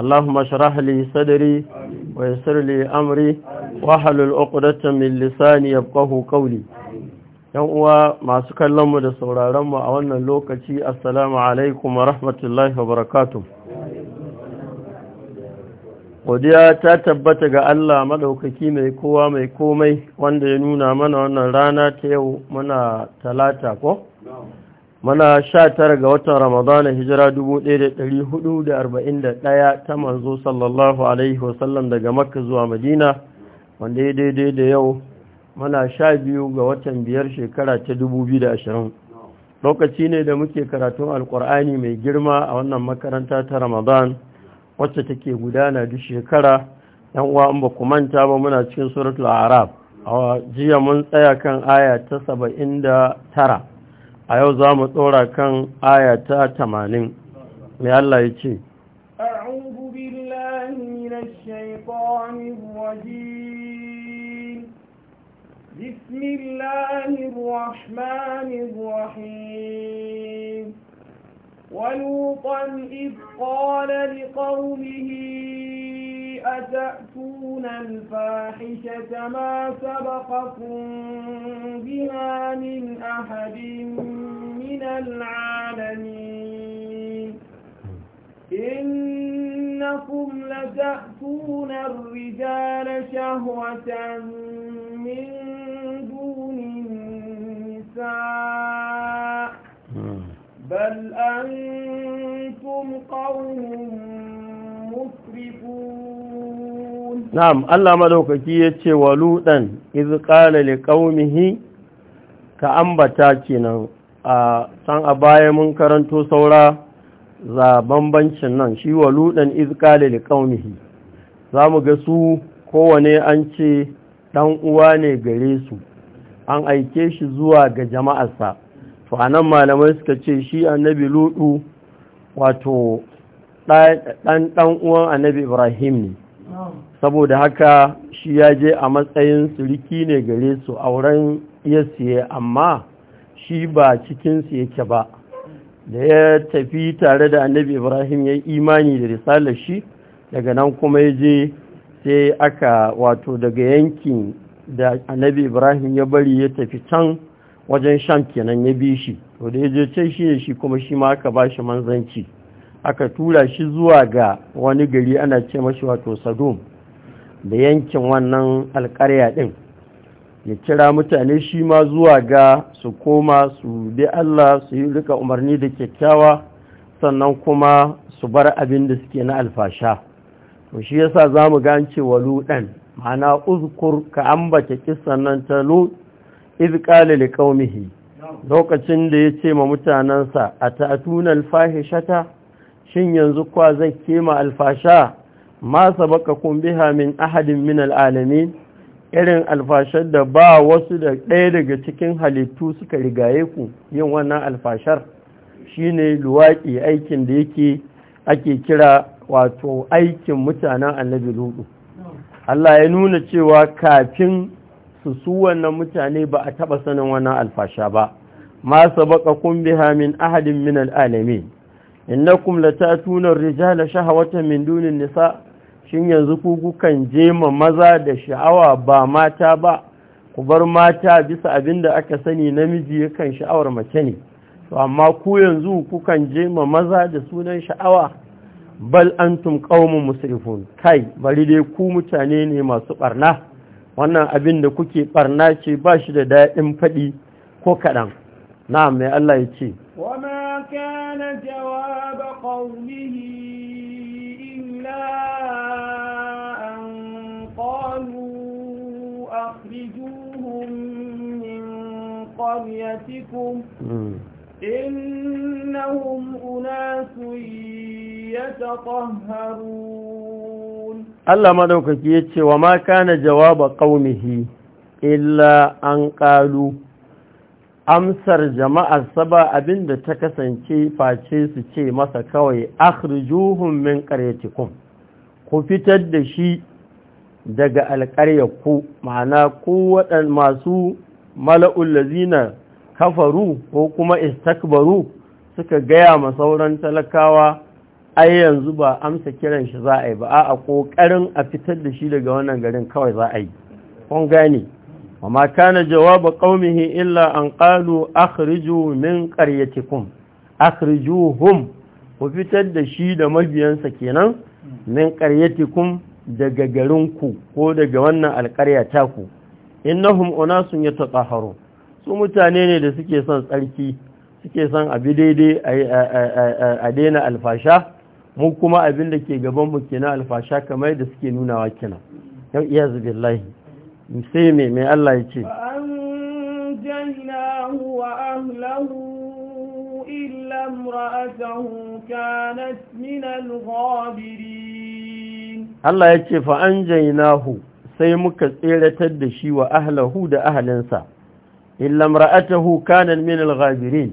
اللهم اشرح لي صدري ويسر لي امري واحلل عقده من لساني يفقه قولي yan uwa masu kallon mu da sauraron mu a wannan lokaci assalamu alaikum wa rahmatullahi wa barakatuh godiya ta tabbata ga Allah maɗaukaki mai kowa mai komai wanda ya nuna mana wannan rana ta yau muna talata ko mana sha tara ga watan ramadana hijira dubu ɗaya da da da ɗari arba'in ɗaya ta manzo sallallahu alaihi wasallam daga makka zuwa madina wanda ya daidai da yau mana sha biyu ga watan biyar shekara ta dubu biyu da ashirin. lokaci ne da muke karatun alkur'ani mai girma a wannan makaranta ta ramadan wacce take gudana duk shekara yan uwa in ba ku manta ba muna cikin suratul arab a jiya mun tsaya kan aya ta saba'in da tara. a yau za mu tsora kan ayata tamanin mai Allah ya ce بسم الله الرحمن الرحيم ولوطا إذ قال لقومه أتأتون الفاحشة ما سبقكم بها من أحد من العالمين إنكم لتأتون الرجال شهوة من دون النساء بل أنتم قوم مسرفون نعم الله ملوككي يتشي ولوطا إذ قال لقومه كأنبتا كنا san a baya mun karanto saura za bambancin nan shi wa ludan izkali li Za zamu ga su kowane an ce ɗan uwa ne gare su an aike shi zuwa ga jama'arsa to anan malamai suka ce shi annabi ludu wato ɗan ɗan uwan annabi ibrahim ne saboda haka shi ya je a matsayin suriki ne gare su auren siye amma shi ba cikinsu yake ba da ya tafi tare da annabi ibrahim ya imani da risalar shi daga nan kuma ya je sai aka wato daga yankin da annabi ibrahim ya bari ya tafi can wajen sham kenan ya bi shi to da ya je can shi shi kuma shi ma aka ba shi manzanci aka tura shi zuwa ga wani gari ana ce mashi wato sadom da yankin wannan alkarya din ya kira mutane shi ma zuwa ga su koma su bi Allah su yi rika umarni da kyakkyawa sannan kuma su bar abin da suke na alfasha to shi yasa zamu gance dan ma'ana uzkur ka ambata kissan nan ta lut izkali li qaumihi lokacin da ya ce ma mutanansa atatuna alfahishata shin yanzu kwa zai kema alfasha ma kun biha min ahadin min alalamin irin alfashar da ba wasu da ɗaya daga cikin halittu suka rigaye ku yin wannan alfashar shine luwaƙi aikin da yake ake kira wato aikin mutanen annabi ludu Allah ya nuna cewa kafin su su wannan mutane ba a taɓa sanin wannan alfasha ba ma sabaka kun biha min ahadin min al'alamin innakum latatuna rijala shahawatan min dunin nisa shin yanzu ku kukan jema maza da sha'awa ba mata ba ku bar mata bisa abinda aka sani namiji yakan sha'awar mace ne to amma ku yanzu kukan jema maza da sunan sha'awa bal antum qaumun musrifun kai bari dai ku mutane ne masu barna wannan abin da kuke ɓarna ce ba shi da daɗin faɗi ko kaɗan Na'am, mai Allah ya ce wama kana jawaba qawlihi illa an qalu akhrijuhum min qaryatikum hmm. innahum unasun allah madaukaki مدوكك wa ma kana جواب قومه illa an قالوا amsar jama'ar saba abinda ta kasance face su ce masa kawai akhrijuhum min qaryatikum ku fitar da shi daga alƙaryarku ma'ana ku waɗan masu mala'ul lazina kafaru ko kuma istakbaru suka gaya ma sauran talakawa ai yanzu ba amsa kiran shi za a yi ba a ƙoƙarin a fitar da shi daga wannan garin kawai za a yi kun gane amma kana jawabu qaumihi illa an qalu akhriju min qaryatikum akhrijuhum ku fitar da shi da mabiyansa kenan min qaryatikum daga garin ku ko daga wannan alƙarya ta ku innahum unasun yatatahharu su mutane ne da suke son tsarki suke son abi daidai a daina alfasha Mun kuma abin da ke gaban mu na alfasha kamar da suke nunawa kina. yau iya lahi sai me mai Allah ya ce Allah ya ce fa'an jainahu sai muka tseratar da shi wa ahlahu da ahalinsa, illam ra'atahu kanan min ghabirin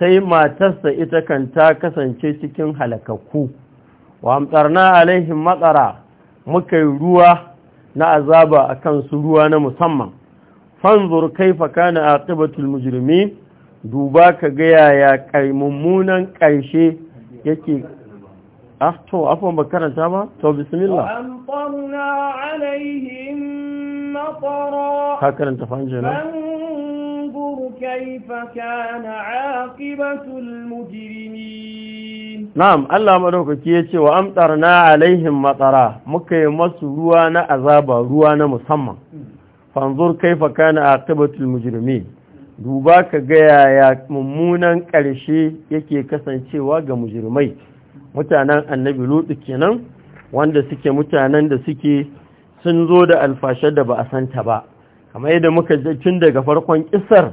sai matarsa ita kan ta kasance cikin halakakku wa amtsarna alaihim matsara muka yi ruwa na azaba a kansu ruwa na musamman fanzur kaifa kana aqibatul mujrimin duba ka ga yaya kai mummunan karshe yake ah to afwan ba karanta ba to bismillah amtarna alaihim matara ka karanta كيف كان عاقبة المجرمين نعم الله مدوكك يتي وامترنا عليهم مطرا مكي مسروانا أذابا روانا مسمى فانظر كيف كان عاقبة المجرمين duba ka gaya ya mummunan ƙarshe yake kasancewa ga mujirmai mutanen annabi lutu kenan wanda suke mutanen da suke sun zo da alfashe da ba a santa ba kamar yadda muka tun daga farkon kisar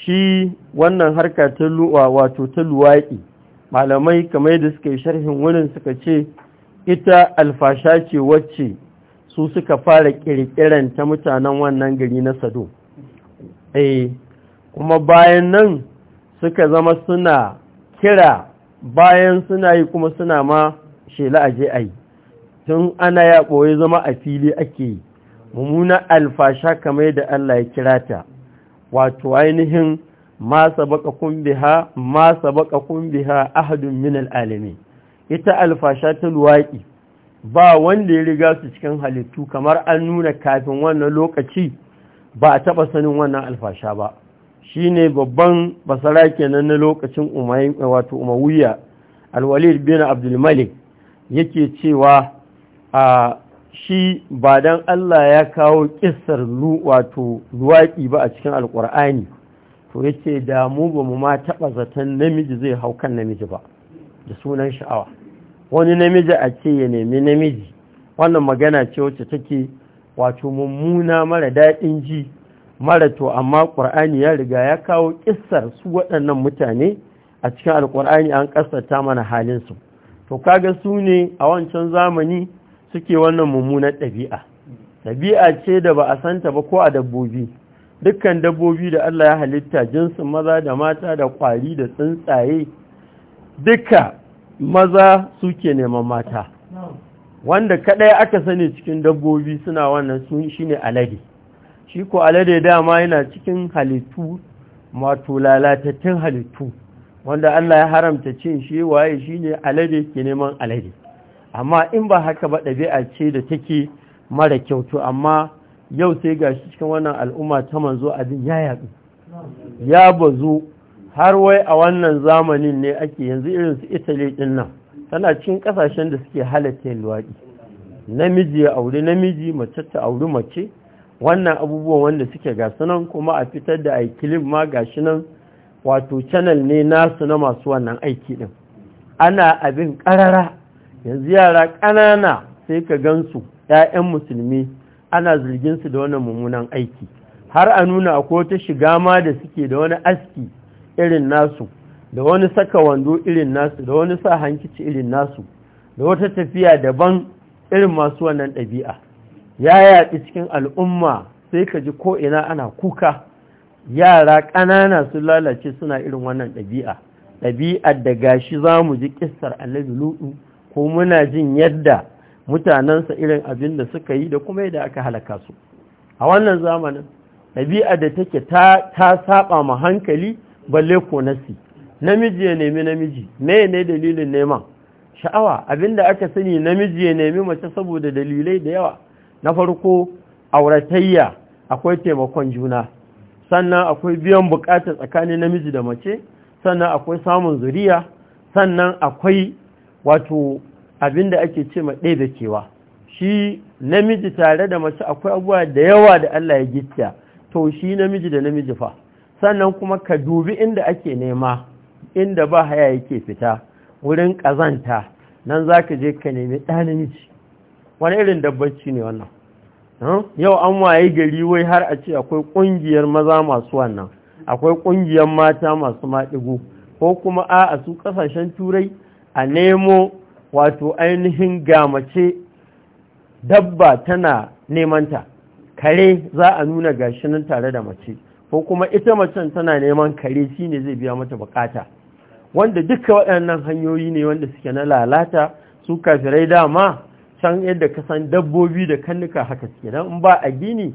shi wannan harka ta luwa wato ta luwaƙi malamai kamar da suka yi sharhin wurin suka ce ita alfasha ce wacce su suka fara ƙirƙiran ta mutanen wannan gari na sado eh kuma bayan nan suka zama suna kira bayan suna yi kuma suna ma shela a a yi tun ana ya ɓoye zama a fili ake yi mummuna alfasha kamar da Allah ya kira ta wato ainihin ma kun biha ma kun biha ahadun min alalamin ita alfasha ta luwaki ba wanda ya riga su cikin halittu kamar an nuna kafin wannan lokaci ba a taɓa sanin wannan alfasha ba shi ne babban basara kenan na lokacin wato umawiya alwalid bin abdulmalik yake cewa a ah, shi ba don Allah ya kawo ƙisar wato ruwaƙi ba a cikin alƙur'ani to yace da mu ba mu ma taɓa zaton namiji zai hau kan namiji ba da sunan sha'awa wani namiji a ce ya nemi namiji wannan magana ce wacce take wato mummuna mara daɗin ji mara to amma ƙur'ani ya riga ya kawo ƙisar su waɗannan mutane a cikin alƙur'ani an ƙasata mana halinsu to kaga su ne a wancan zamani suke wannan mummunar ɗabi'a ɗabi'a ce da ba a santa ba ko a dabbobi dukkan dabbobi da Allah ya halitta jinsin maza da mata da ƙwari da tsuntsaye duka maza suke neman mata wanda kaɗai aka sani cikin dabbobi suna wannan sun shi ne alade shi ko alade dama yana cikin halittu mato lalatattun halittu wanda Allah ya haramta cin shi waye shi ne alade ke neman alade amma in ba haka ba ɗabi'a ce da take mara kyautu amma yau sai ga shi cikin wannan al'umma ta manzo abin ya yaɗu ya bazu har wai a wannan zamanin ne ake yanzu irin su italy ɗin nan tana cikin ƙasashen da suke halatta luwaɗi namiji ya auri namiji mace ta auri mace wannan abubuwan wanda suke gasu nan kuma a fitar da aikilin ma gashi nan wato channel ne nasu na masu wannan aiki ɗin ana abin ƙarara yanzu yara ƙanana sai ka gansu 'ya'yan musulmi ana zirgin su da wani mummunan aiki har a nuna a ta shiga ma da suke da wani aski irin nasu da wani saka wando irin nasu da wani sa hankici irin nasu da wata tafiya daban irin masu wannan ɗabi'a ya yaɗi cikin al'umma sai ka ji ko'ina ana kuka yara ƙanana sun lalace suna irin wannan ɗabi'a ɗabi'ar da gashi za mu ji ƙistar annabi lu'u ko muna jin yadda mutanensa irin abin da suka yi da kuma yadda aka halaka su a wannan zamanin ɗabi'a da take ta saba ma hankali balle ko nasi namiji ya nemi namiji me ne dalilin neman sha'awa abin da aka sani namiji ya nemi mace saboda dalilai da yawa na farko auratayya akwai taimakon juna sannan akwai biyan bukatar tsakanin namiji da mace sannan akwai samun zuriya sannan akwai wato abinda ake ce ma ɗaya da kewa shi namiji tare da mace akwai abubuwa da yawa da Allah ya gicciya to shi namiji da namiji fa sannan kuma ka dubi inda ake nema inda ba haya yake fita wurin ƙazanta nan za ka je ka nemi ɗa namiji wani irin dabbaci ne wannan hmm? yau an waye gari wai har a ce akwai ƙungiyar maza masu wannan akwai ƙungiyar mata masu maɗigo ko kuma a a su ƙasashen turai a nemo wato ainihin gamace dabba tana nemanta kare za a nuna gashinin tare da mace ko kuma ita macen tana neman kare shine zai biya mata bukata wanda duka waɗannan hanyoyi ne wanda suke na lalata su kafirai dama can yadda ka san dabbobi da kannuka haka suke kenan in ba a gini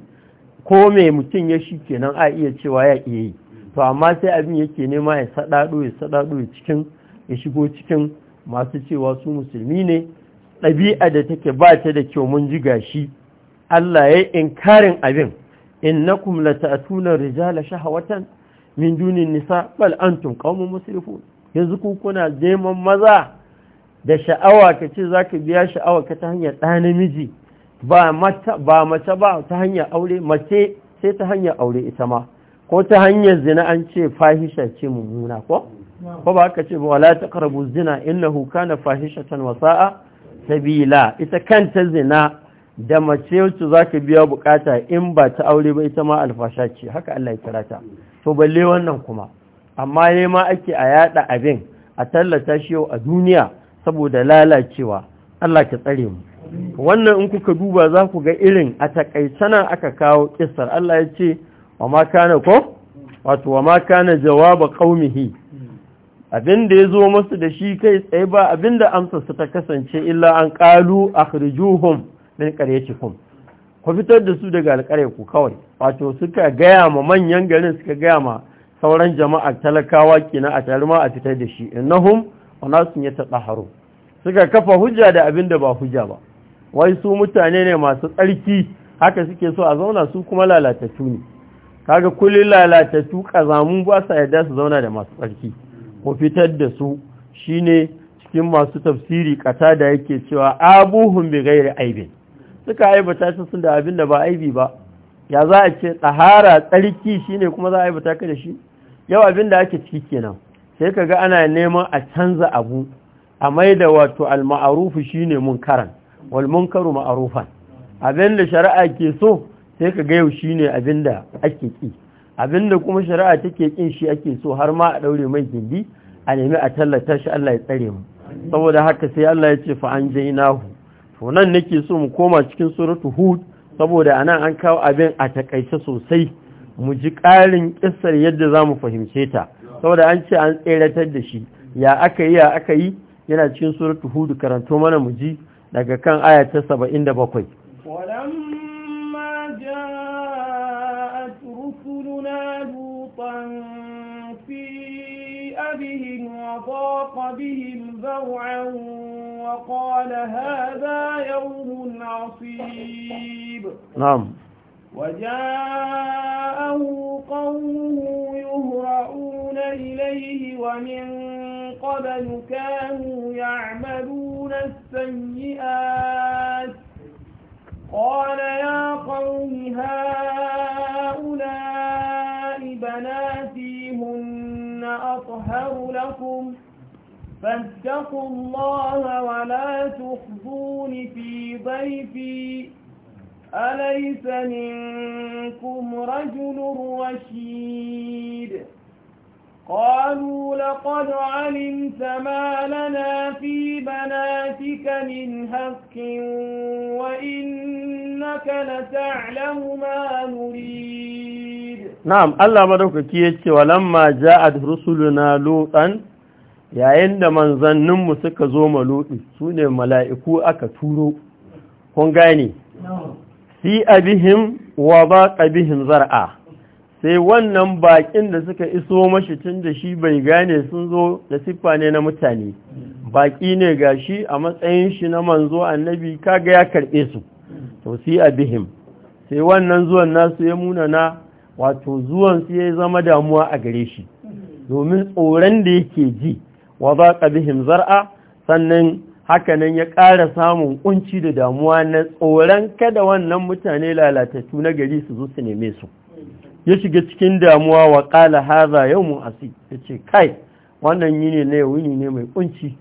ko mai mutum ya shi kenan a iya cewa ya iya yi to amma sai abin yake nema ya saɗaɗo ya saɗaɗo cikin ya shigo cikin masu cewa su musulmi ne ɗabi'a da take ba ta da kyau mun ji gashi Allah ya yi inkarin abin in na ta lata'tuna rijala shahawatan min dunin nisa bal tun qaumun musrifun yanzu kuna neman maza da sha'awa ka ce za ka biya sha'awa ka ta hanyar ɗa namiji ba ba mace ba ta hanyar aure mace sai ta hanyar aure ita ma ko ta hanyar zina an ce fahisha ce mummuna ko ko ba haka ce ba wala taqrabu zina innahu kana fahishatan wa sa'a sabila ita kanta zina da mace wacce zaka biya bukata in ba ta aure ba ita ma alfasha ce haka Allah ya karata. to balle wannan kuma amma ne ma ake a yada abin a tallata shi a duniya saboda lalacewa Allah ka tsare mu wannan in kuka duba za ku ga irin a takaitanan aka kawo kissar Allah ya ce wa ma kana ko wato wa ma kana jawaba qaumihi abin da ya zo masu da shi kai tsaye ba abin da su ta kasance illa an ƙalu a hirjuhun min ƙaryacikun ku fitar da su daga ku kawai wato suka gaya ma manyan garin suka gaya ma sauran jama'a talakawa kenan a tare ma a fitar da shi innahum wana sun yi haro. suka kafa hujja da abin da ba hujja ba wai su mutane ne masu tsarki haka suke so a zauna su kuma lalatattu ne kaga kullum lalatattu ƙazamun ba sa yarda su zauna da masu tsarki ku fitar da su shi ne cikin masu tafsiri ƙasa da yake cewa abuhun bi gairi aibin suka aibata shi sun da abin da ba aibi ba ya za a ce tsahara tsarki shi ne kuma za a aibata ka da shi yau abin da ake ciki kenan sai ka ga ana neman a canza abu a mai da wato al shi ne munkaran wal ma'arufan. abin da shari'a ke so sai ka ga yau shi ne abin da ake ƙi. abinda kuma shari'a take kin shi ake so har ma a daure mai gindi a nemi a tallata shi Allah ya tsare mu saboda haka sai Allah ya ce fa an jainahu to nan nake so mu koma cikin suratu hud saboda anan an kawo abin a takaice sosai mu ji ƙarin kissar yadda za mu fahimce ta saboda an ce an tseratar da shi ya aka yi ya aka yi yana cikin suratu hud karanto mana mu ji daga kan aya ta 77 بهم وضاق بهم ذرعا وقال هذا يوم عصيب نعم وجاءه قومه يهرؤون إليه ومن قبل كانوا يعملون السيئات قال يا قوم هؤلاء بناتي هن أطهر لكم فاتقوا الله ولا تخزون في ضيفي أليس منكم رجل رشيد قالوا لقد علمت ما لنا في بناتك من حق وإنك لتعلم ما نريد نعم الله مدوكك يتي ولما جاءت رسلنا لوطا yayin da manzanninmu suka zo maluɗi sune mala'iku aka turo kun gane si abihim wa ba ƙabihim zar'a sai wannan bakin da suka iso mashi tun da shi bai gane sun zo da siffa ne na mutane baki ne ga shi a matsayin shi na manzo annabi kaga ya karbe su to sai a bihim sai wannan zuwan nasu ya munana wato zuwan su ya zama damuwa a gare shi domin tsoron da yake ji wa za ka bihim zar'a sannan hakanan ya ƙara samun kunci da damuwa na tsoron kada wannan mutane lalatattu na gari su zo su neme su ya shiga cikin damuwa wa ƙala haza yau mu asi ya ce kai wannan yi ne wuni ne mai ƙunci,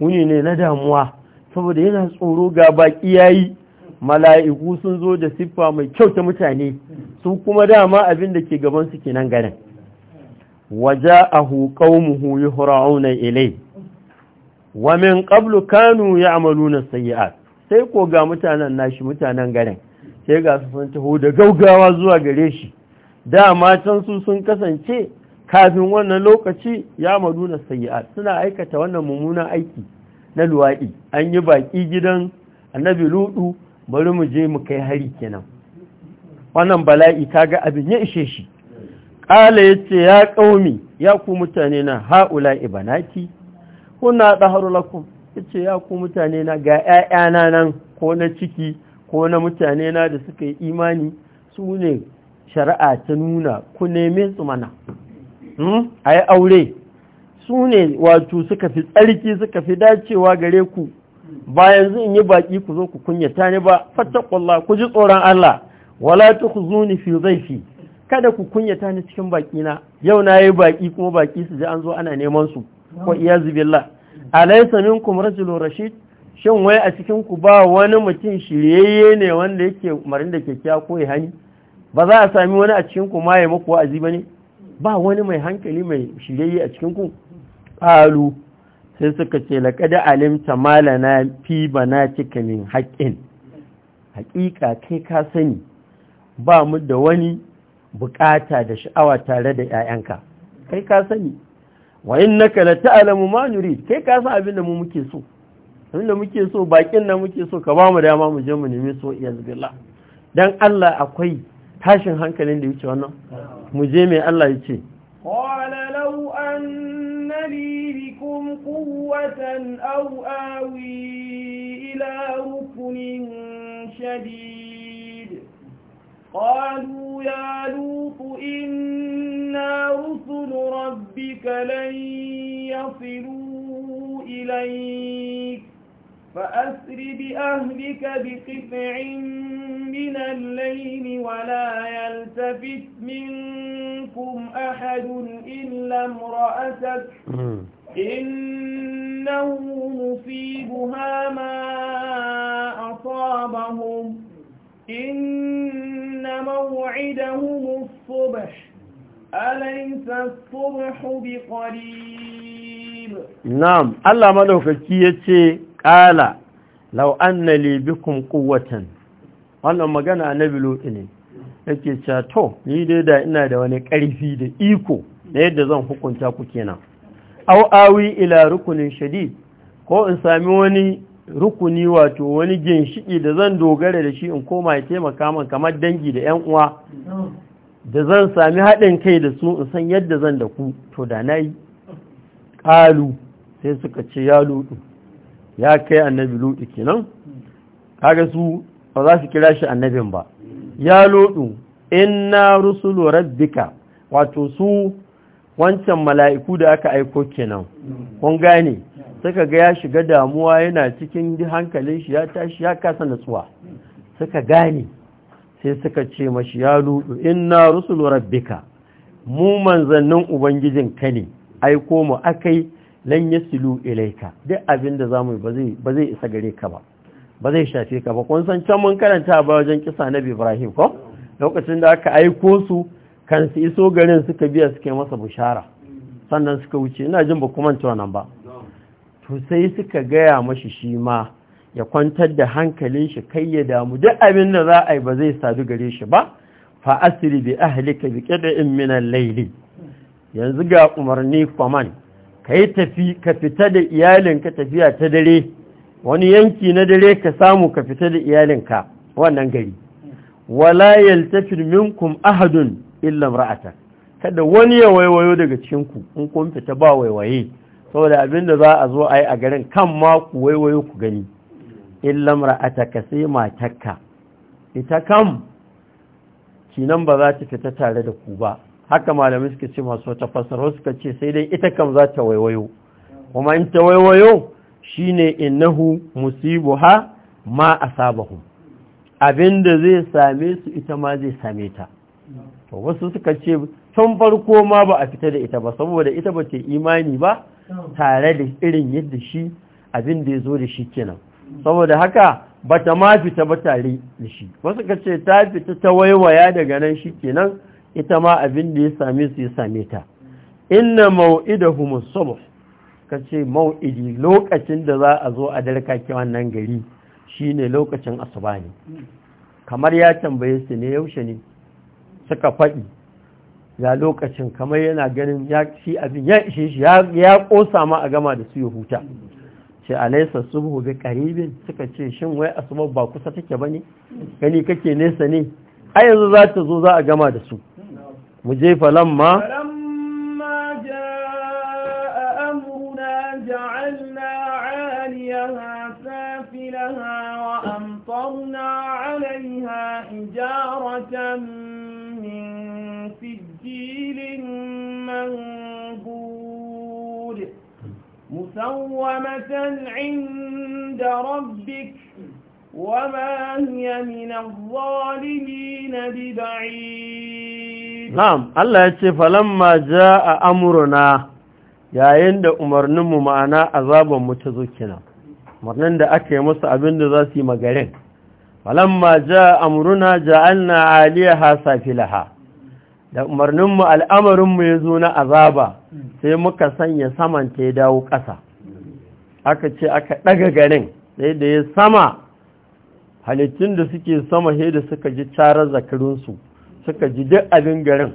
wuni ne na damuwa saboda yana tsoro ga baƙi ya yi mala'iku sun zo da siffa mai kyau ta mutane sun kuma dama abin da ke gaban su kenan ganin waje a hukau muhu yi hura'unan ilai wa min ƙablu kanu ya amalu na sayi'at sai ko ga mutanen nashi mutanen ganin sai ga su sun taho da gaugawa zuwa gare shi dama can su sun kasance kafin wannan lokaci ya maduna sayi'at suna aikata wannan mummunan aiki na luwaɗi an yi baƙi gidan annabi ludu bari mu je mu kai hari kenan wannan bala'i kaga abin ya ishe shi ƙala ya ce ya ƙaumi ya ku mutane na ha'ula ibanaki kuna ɗaharu lakum ya ce ya ku mutane na ga ‘ya'yana nan ko na ciki ko na mutane na da suka yi imani su ne shari'a ta nuna ku neme su hmm? a yi aure su ne wato suka fi tsarki suka fi dacewa gare ku bayan zai yi baki ku zo ku kunyata ni ba fattakullah ku ji tsoron Allah wala ta ku ni fi kada ku kunyata ni cikin baki na yau na yi baki kuma baƙi su ji an zo ana neman su ko alai samin alaysa minkum rajulun rashid shin wai a cikin ku ba wani mutum shiryayye ne wanda yake marin da kyakkyawa ko ya hani ba za a sami wani a cikin ku ma ya muku wa'azi ba ne ba wani mai hankali mai shirayi a cikin ku sai suka ce laqad alimta na fi cika min haƙƙin haƙiƙa kai ka sani ba mu da wani buƙata da sha'awa tare da 'ya'yanka kai ka sani wa kala ta alamu ma nuri kai ka san abin da mu muke so abin da muke so bakin na muke so ka ba mu dama mu je mu nemi so iya zubila dan Allah akwai tashin hankalin da yake wannan mu je mai Allah ya ce qala law anna li bikum quwwatan aw awi ila rukunin shadid qalu ya lutu inna rusul rabbika lan yasilu ilayka فأسر بأهلك بقطع من الليل ولا يلتفت منكم أحد إلا امرأتك إنه مصيبها ما أصابهم إن موعدهم الصبح أليس الصبح بقريب نعم الله ملوك كي يتشي ƙala lau anna li bikum wannan magana nabi lotu ne yake cewa to ni dai da ina da wani ƙarfi da iko na yadda zan hukunta ku kenan au awi ila rukunin shadid ko in sami wani rukuni wato wani ginshiki da zan dogara da shi in koma ya taimaka min kamar dangi da 'yan uwa da zan sami haɗin kai da su in san yadda zan da ku to da na yi. ƙalu sai suka ce ya lutu ya kai annabi lodi kenan kaga su ba za su kira shi annabin ba ya lutu inna rusulu rabbika wato su wancan mala'iku da aka aiko kenan kun gane suka ga ya shiga damuwa yana cikin hankalin shi ya tashi ya kasa natsuwa suka gane sai suka ce mashi ya lutu inna rusulu rabbika mu manzannin ubangijin ka ne aiko mu akai lan yasilu ilaika duk abin da zamu ba zai ba zai isa gare ka ba ba zai shafe ka ba kun san can mun karanta ba wajen kisa na Ibrahim ko lokacin da aka aiko su kan su iso garin suka biya suke masa bushara sannan suka wuce ina jin ba kuma ta wannan ba to sai suka gaya mashi shi ma ya kwantar da hankalin shi kai ya damu duk abin da za a yi ba zai sadu gare shi ba fa asri bi ahlika bi qad'in min al layl yanzu ga umarni kwaman ka yi tafi ka fita da iyalinka tafiya ta dare wani yanki na dare ka samu ka fita da iyalinka wannan gari wala yaltafir minkum ahadun illa ra'ata kada wani ya waiwayo daga cikin ku in kun fita ba waiwaye saboda abin da za a zo yi a garin kan ma ku waiwayo ku gani illa ka sai matarka ita kam kinan ba za ta fita tare da ku ba haka malamai suka ce masu wata fasara suka ce sai dai ita kam za ta waiwayo kuma in ta waiwayo shine innahu musibuha ma a sabahu. Abin da zai same su ita ma zai same ta to wasu suka ce tun farko ma ba a fita da ita ba saboda ita ba ta imani ba tare da irin yadda shi abin da ya zo da shi kenan saboda haka ba ta ma fita ba tare da shi wasu ka ce ta fita ta waiwaya daga nan shi kenan ita ma abin da ya same su ya same ta inna mau'idahum as-subh kace mau'idi lokacin da za a zo a darkake wannan gari shine lokacin asuba ne kamar ya tambaye su ne yaushe ne suka faɗi ya lokacin kamar yana ganin ya shi abin ya ishe shi ya kosa ma a gama da su ya huta ce nesa subhu bi qaribin suka ce shin wai asuba ba kusa take bane gani kake nesa ne a yanzu za ta zo za a gama da su مجي فلما فلما جاء أمرنا جعلنا عاليها سافلها وأمطرنا عليها حجارة من سجيل منبور مسومة عند ربك وما هي من الظالمين ببعيد na'am Allah ya ce falamma a amruna yayin da umarninmu ma'ana azaban mu ta zo kenan umarnin da aka yi musu abin da za su yi magarin falamma jaa amruna ja'alna 'aliyaha safilaha da umarninmu al'amarinmu ya zo na azaba sai muka sanya saman ta ya dawo ƙasa aka ce aka ɗaga garin sai da ya sama halittun da suke sama sai da suka ji carar zakarinsu suka ji duk abin garin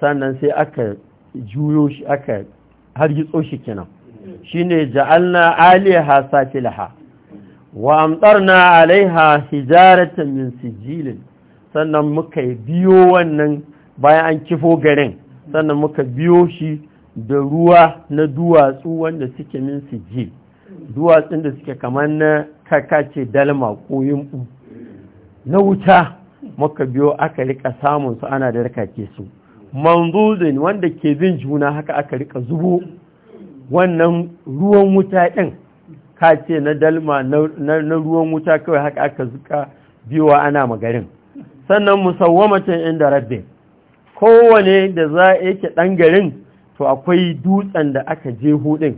sannan sai aka juyo shi aka shi kenan shine ja'alna aliha safilaha wa amtarna alaiha hijaratan min sijilin sannan muka biyo wannan bayan an kifo garin sannan muka biyo shi da ruwa na duwatsu wanda suke min sijil duwatsun da suke kamar na kakace dalma ko yumbu na wuta muka biyo aka rika samun su ana da rikake su manzuzin wanda ke bin juna haka aka rika zubo wannan ruwan wuta ɗin ka ce na dalma na ruwan wuta kawai haka aka zuka biyowa ana magarin sannan musawwamacin inda rabbe kowane da za a yake ɗan garin to akwai dutsen da aka je hudin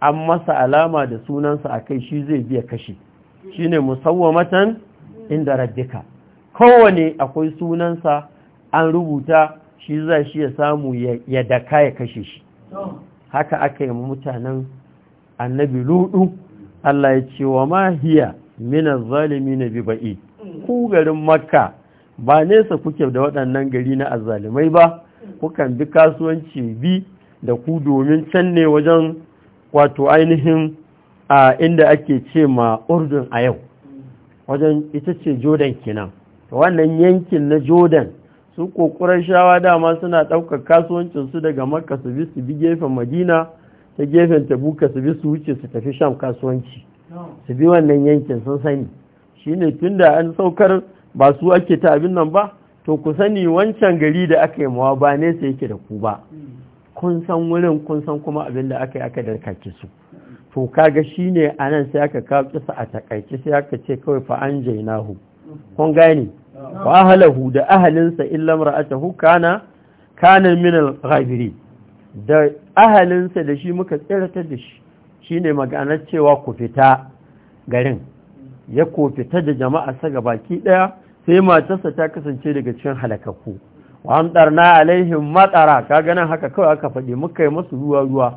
an masa alama da sunansa a kai shi zai biya kashi Shi shine musawwamatan inda ka. kowane akwai sunansa an rubuta shi za shi ya samu ya daka ya kashe shi haka aka yi mutanen annabi ludu Allah ya ce wa mahiya mina zalimi na ba'i ku garin makka ba nesa kuke da waɗannan gari na azalimai ba kukan bi kasuwanci bi da ku domin can ne wajen wato ainihin a inda ake ce ma urdun a yau wajen ita ce jordan kenan wannan yankin na jordan su kokurar shawa dama suna ɗaukar kasuwancinsu daga makka su bi su bi gefen madina ta gefen tabuka su bi su wuce su tafi sham kasuwanci su bi wannan yankin sun sani shine tunda an saukar ba su ake ta abin nan ba to ku sani wancan gari da aka yi mawa ba ne yake da ku ba kun san wurin kun san kuma abin da aka yi aka darkake su to kaga shine anan sai aka kawo kisa a takaice sai aka ce kawai fa an jainahu kun gane wa ahlahu da ahalinsa illa ra'atahu kana kana min al ghabiri da ahalinsa da shi muka tsiratar da shi shine maganar cewa ku fita garin ya ku fita da jama'a sa baki daya sai matarsa ta kasance daga cikin halakakku wa amtarna alaihim matara kaga nan haka kawai aka faɗi muka yi musu ruwa ruwa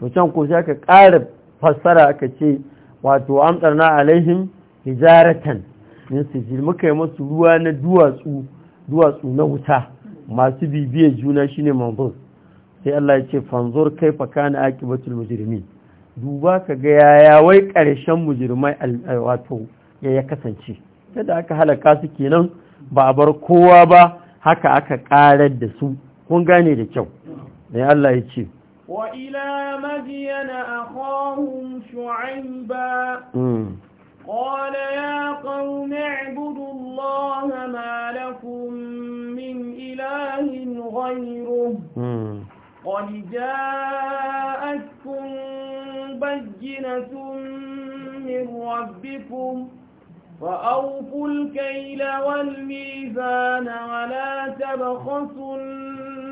to can ko sai aka ƙara fassara aka ce wato amtarna alaihim hijaratan min sijil muka yi masu ruwa na duwatsu duwatsu na wuta masu bibiyar juna shine manzur sai Allah ya ce faka na ake batul mujirmi duba ka ga yaya wai karshen mujirmai eh, wato ya ya kasance yadda aka halaka su kenan ba a bar kowa ba haka aka ƙarar da su kun gane da kyau sai Allah ya ce وإلى مدين أخاهم شعيبا قال يا قوم اعبدوا الله ما لكم من إله غيره قد جاءتكم بينة من ربكم فأوفوا الكيل والميزان ولا تبخسوا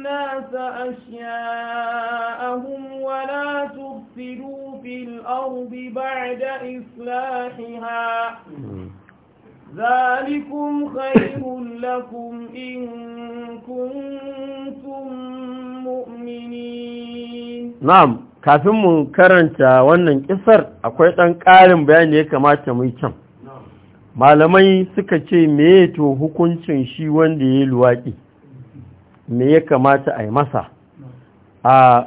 الناس أشياءهم ولا تفسدوا في الأرض بعد إصلاحها ذلكم خير لكم إن كنتم مؤمنين نعم kafin mu karanta wannan kisar akwai ɗan ƙarin bayani ya kamata mu yi can malamai suka ce me to hukuncin shi wanda ya yi luwaƙi me ya kamata a yi masa a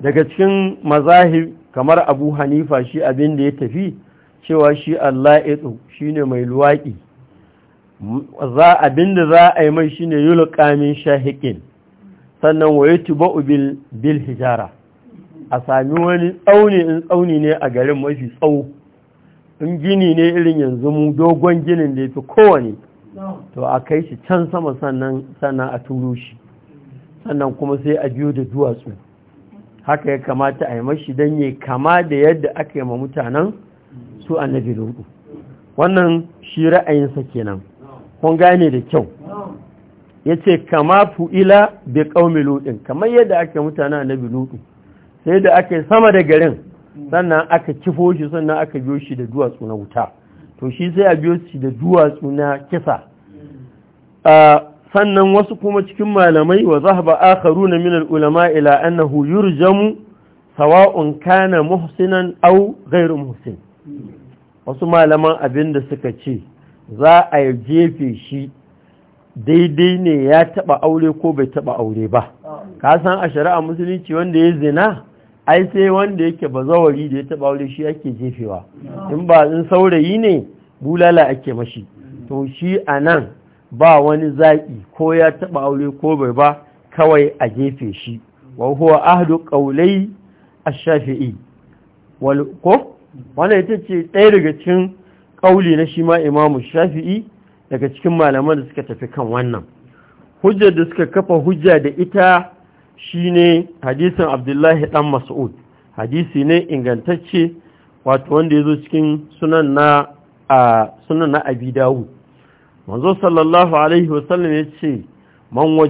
daga cikin mazahi kamar abu hanifa shi abin da ya tafi cewa shi Allah etsu shi ne mai luwaƙi abin da za a yi mai shi ne yulƙamin shahikin sannan waye ubil bil hijara a sami wani tsauni in tsauni ne a garin mafi tsawo in gini ne irin yanzu mu dogon ginin da ya fi kowane to a kai shi can sama sannan sannan a turo shi sannan kuma sai a biyo da duwatsu haka ya kamata a yi mashi don yi kama da yadda aka yi ma mutanen su annabi lutu wannan shi ra'ayinsa kenan kun gane da kyau ya ce kama fu'ila bai kaumi lodin kamar yadda aka mutane annabi lutu sai da aka sama da garin sannan aka kifo shi sannan aka biyo shi da duwatsu na wuta to shi sai a biyo shi da duwatsu na kisa sannan wasu kuma cikin malamai wa zahaba akharuna min al-ulama ila annahu yurjamu sawa'un kana muhsinan aw ghairu muhsin wasu malaman abinda suka ce za a jefe shi daidai ne ya taba aure ko bai taba aure ba ka san a shari'a musulunci wanda ya zina ai sai wanda yake bazawari da ya taba aure shi ake jefewa in ba in saurayi ne bulala ake mashi to shi a nan ba wani zaki ko ya taba aure ko bai ba kawai a jefe shi wa huwa ahdu qawlai ash-shafi'i wal ko wannan ita ce ɗaya daga cikin ƙaule na shi ma imamu shafi'i daga cikin malaman da suka tafi kan wannan hujjar da suka kafa hujja da ita Shi ne hadisin abdullahi Ɗan mas'ud hadisi ne ingantacce wato wanda ya zo cikin sunan na abi dawu manzo sallallahu alaihi wasallam ya ce man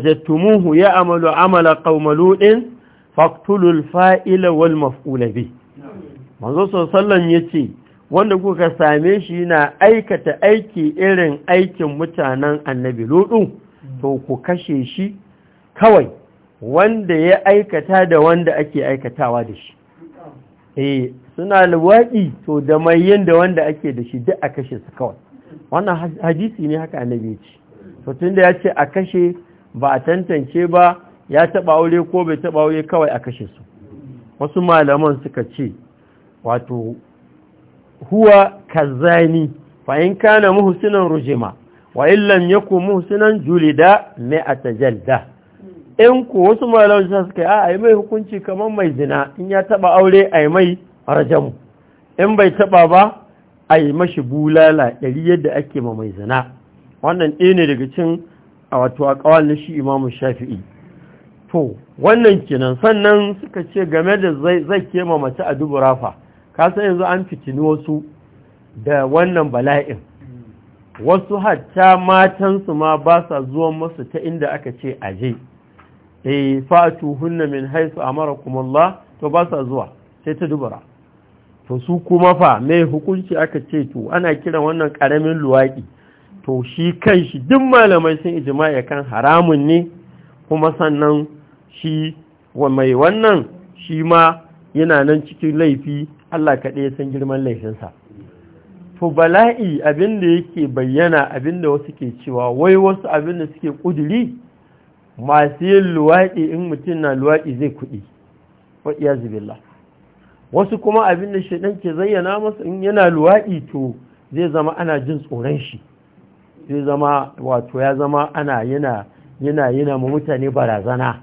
ya amalu amala qauma faqtulul fa'ila wal maf'ula bi manzo sallallahu ya ce wanda kuka same shi na aikata aiki irin aikin mutanen annabi ludu to ku kashe shi kawai wanda ya aikata da wanda ake aikatawa da shi eh suna luwaɗi to da mai yin da wanda ake da shi duk a kashe su kawai wannan hadisi ne haka annabi ce to tunda ya ce a kashe ba a tantance ba ya taɓa aure ko bai taɓa aure kawai a kashe su wasu malaman suka ce wato huwa kazani fa in kana muhsinan rujima wa in lam yakun muhsinan julida mi'ata jalda in ku wasu malamai suka yi a yi mai hukunci kamar mai zina in ya taba aure a yi mai rajamu in bai taba ba a yi mashi bulala ɗari yadda ake ma mai zina wannan ɗaya ne daga cin a wato a ƙawar na shi imamu shafi'i to wannan kenan sannan suka ce game da zai kema mace a duburafa rafa, ka yanzu an fitini wasu da wannan bala'in wasu hatta matansu ma ba sa zuwan masu ta inda aka ce aje eh fatu hunna min haisu amarakum Allah to ba sa zuwa sai ta dubara to su kuma fa mai hukunci aka ce to ana kiran wannan karamin luwaki to shi kan shi. duk malamai sun ijma'i kan haramun ne kuma sannan shi wa mai wannan shi ma yana nan cikin laifi Allah kaɗai san girman laifinsa to bala'i abin da yake bayyana abin da wasu ke cewa wai wasu abin da suke ƙudiri. masu yin luwaɗi in mutum na luwaɗi zai kuɗi ya zubilla wasu kuma abin da shaɗan ke zayyana masu in yana luwaɗi to zai zama ana jin tsoron shi zai zama wato ya zama ana yana yana yana ma mutane barazana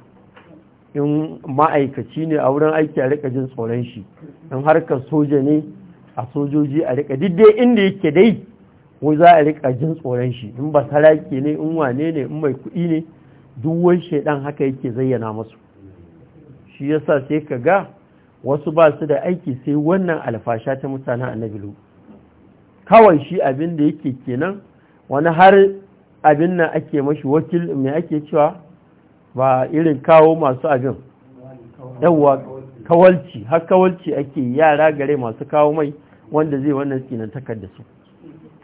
in ma'aikaci ne a wurin aiki a rika jin tsoron shi in harkar soja ne a sojoji a rika diddai inda yake dai wai za a rika jin tsoron shi in ba sarake ne in wane ne in mai kuɗi ne duwan shaidan haka yake zayyana masu shi yasa sai ka ga wasu ba su da aiki sai wannan alfasha ta mutanen annabi lu kawai shi abin da yake kenan wani har abin nan ake mashi wakil mai ake cewa ba irin kawo masu abin yawwa kawalci har kawalci ake yara gare masu kawo mai wanda zai wannan tsinan takar su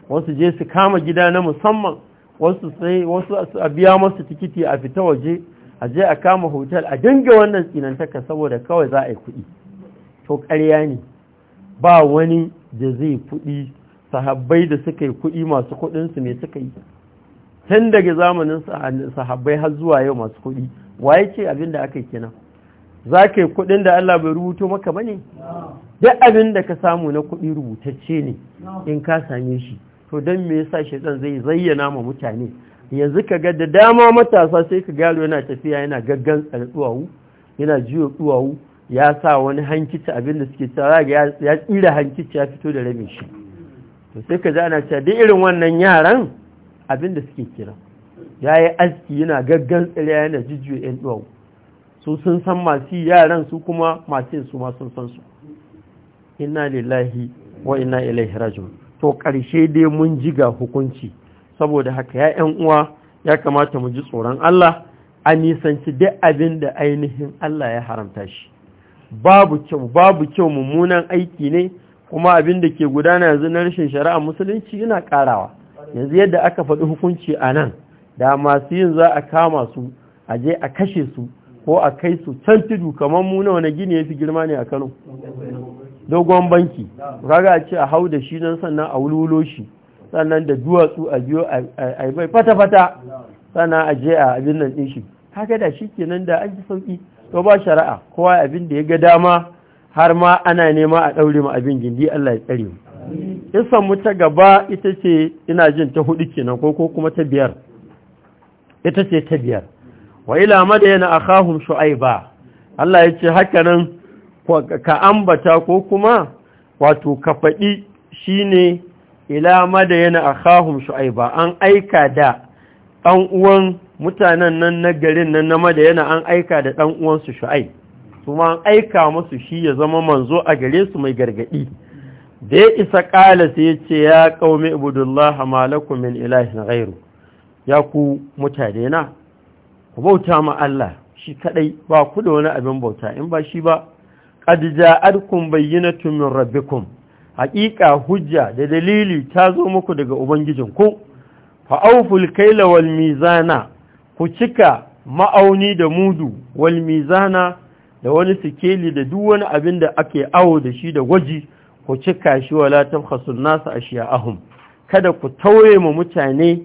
wasu je su kama gida na musamman wasu sai wasu a biya masu tikiti a fita waje a je a kama hotel a dinga wannan tsinantaka saboda kawai za a yi kuɗi to ƙarya ne ba wani da zai kuɗi sahabbai da suka yi kuɗi masu kuɗinsu mai suka yi tun daga zamanin sahabbai har zuwa yau masu kuɗi waye ce abin da aka yi kenan za ka yi kuɗin da Allah bai rubuto maka ba ne duk abin da ka samu na kuɗi rubutacce ne in ka same shi to don me yasa shaitan zai zayyana ma mutane yanzu ka ga da dama matasa sai ka galo yana tafiya yana gaggan tsare duwawu yana jiyo duwawu ya sa wani hankici abin da suke tsara ga ya tsira hankici ya fito da rabin shi to sai ka ji ana cewa duk irin wannan yaran abin da suke kira ya yi aski yana gaggan tsira yana jijiyo yan duwawu su sun san masu yaran su kuma masu su ma sun san su inna lillahi wa inna ilaihi rajiun to ƙarshe dai mun ji ga hukunci saboda haka ya ‘yan uwa ya kamata mu ji tsoron Allah a nisanci dai abin da ainihin Allah ya haramta shi babu kyau babu kyau mummunan aiki ne kuma abin da ke gudana yanzu na rashin shari'a musulunci yana karawa yanzu yadda aka faɗi hukunci a nan da masu yin za a kama su a je a kashe su ko a kai su can tudu kamar mu na gini ya fi girma ne a Kano dogon banki kaga ce a hau da shi nan sannan a wulwulo shi sannan da duwatsu a biyo a mai fata-fata sannan a je a abin nan ɗin shi haka da shi kenan da an ji sauƙi to ba shari'a kowa abin da ya ga dama har ma ana nema a ɗaure ma abin gindi Allah ya tsare mu isan mu ta gaba ita ce ina jin ta hudu kenan ko ko kuma ta biyar ita ce ta biyar wa ila madayna akhahum shu'aiba Allah ya ce haka nan ka ambata ko kuma wato ka faɗi shi ne, ila madayana kahun shu'aiba an aika da ɗan uwan mutanen nan na garin nan na madayana an aika da ɗan uwansu shu'aib kuma an aika masu shi ya zama manzo a gare su mai gargaɗi da ya isa ƙala sai ya ce ya ƙaumi ibudullah malakum min ilahin ghairu ya ku mutane na ku bauta ma Allah shi kaɗai. ba ku da wani abin bauta in ba shi ba qad ja'atkum bayyinatun min rabbikum haƙiƙa hujja da dalili ta zo muku daga ubangijinku fa awful kayla wal mizana ku cika ma'auni da mudu wal mizana da wani sikeli da duk wani abin da ake awo da shi da gwaji ku cika shi wala tabkhasun nasu ashiya'ahum kada ku tauye ma mutane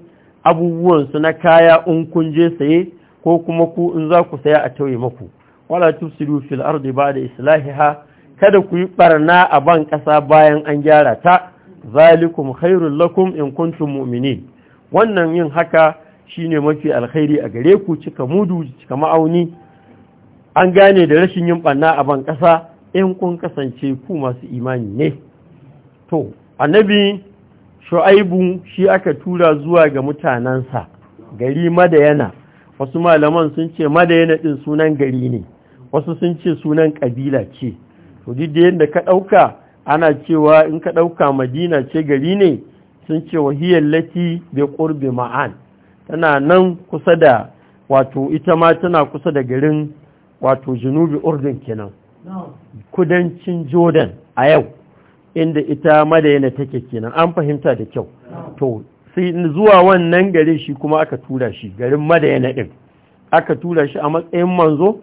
abubuwansu na kaya in kun je saye ko kuma ku in za ku saya a tauye maku wala tufsidu fil ardi ba'da islahiha kada ku yi barna a ban kasa bayan an gyara ta zalikum khairul lakum in kuntum mu'minin wannan yin haka shine mafi alkhairi a gare ku cika mudu cika ma'auni an gane da rashin yin barna a ban kasa in kun kasance ku masu imani ne to annabi shu'aibu shi aka tura zuwa ga mutanansa gari madayana wasu malaman sun ce madayana din sunan gari ne wasu sun ce sunan ƙabila ce to duk da yadda ka ɗauka ana cewa in ka ɗauka madina ce gari ne sun ce wahiyar lati bai ƙurbe ma'an tana nan kusa da wato ita ma tana kusa da garin wato junubi urdun kenan kudancin jordan a yau inda ita madayana take kenan an fahimta da kyau to sai zuwa wannan garin shi kuma aka tura shi garin madayana din aka tura shi a matsayin manzo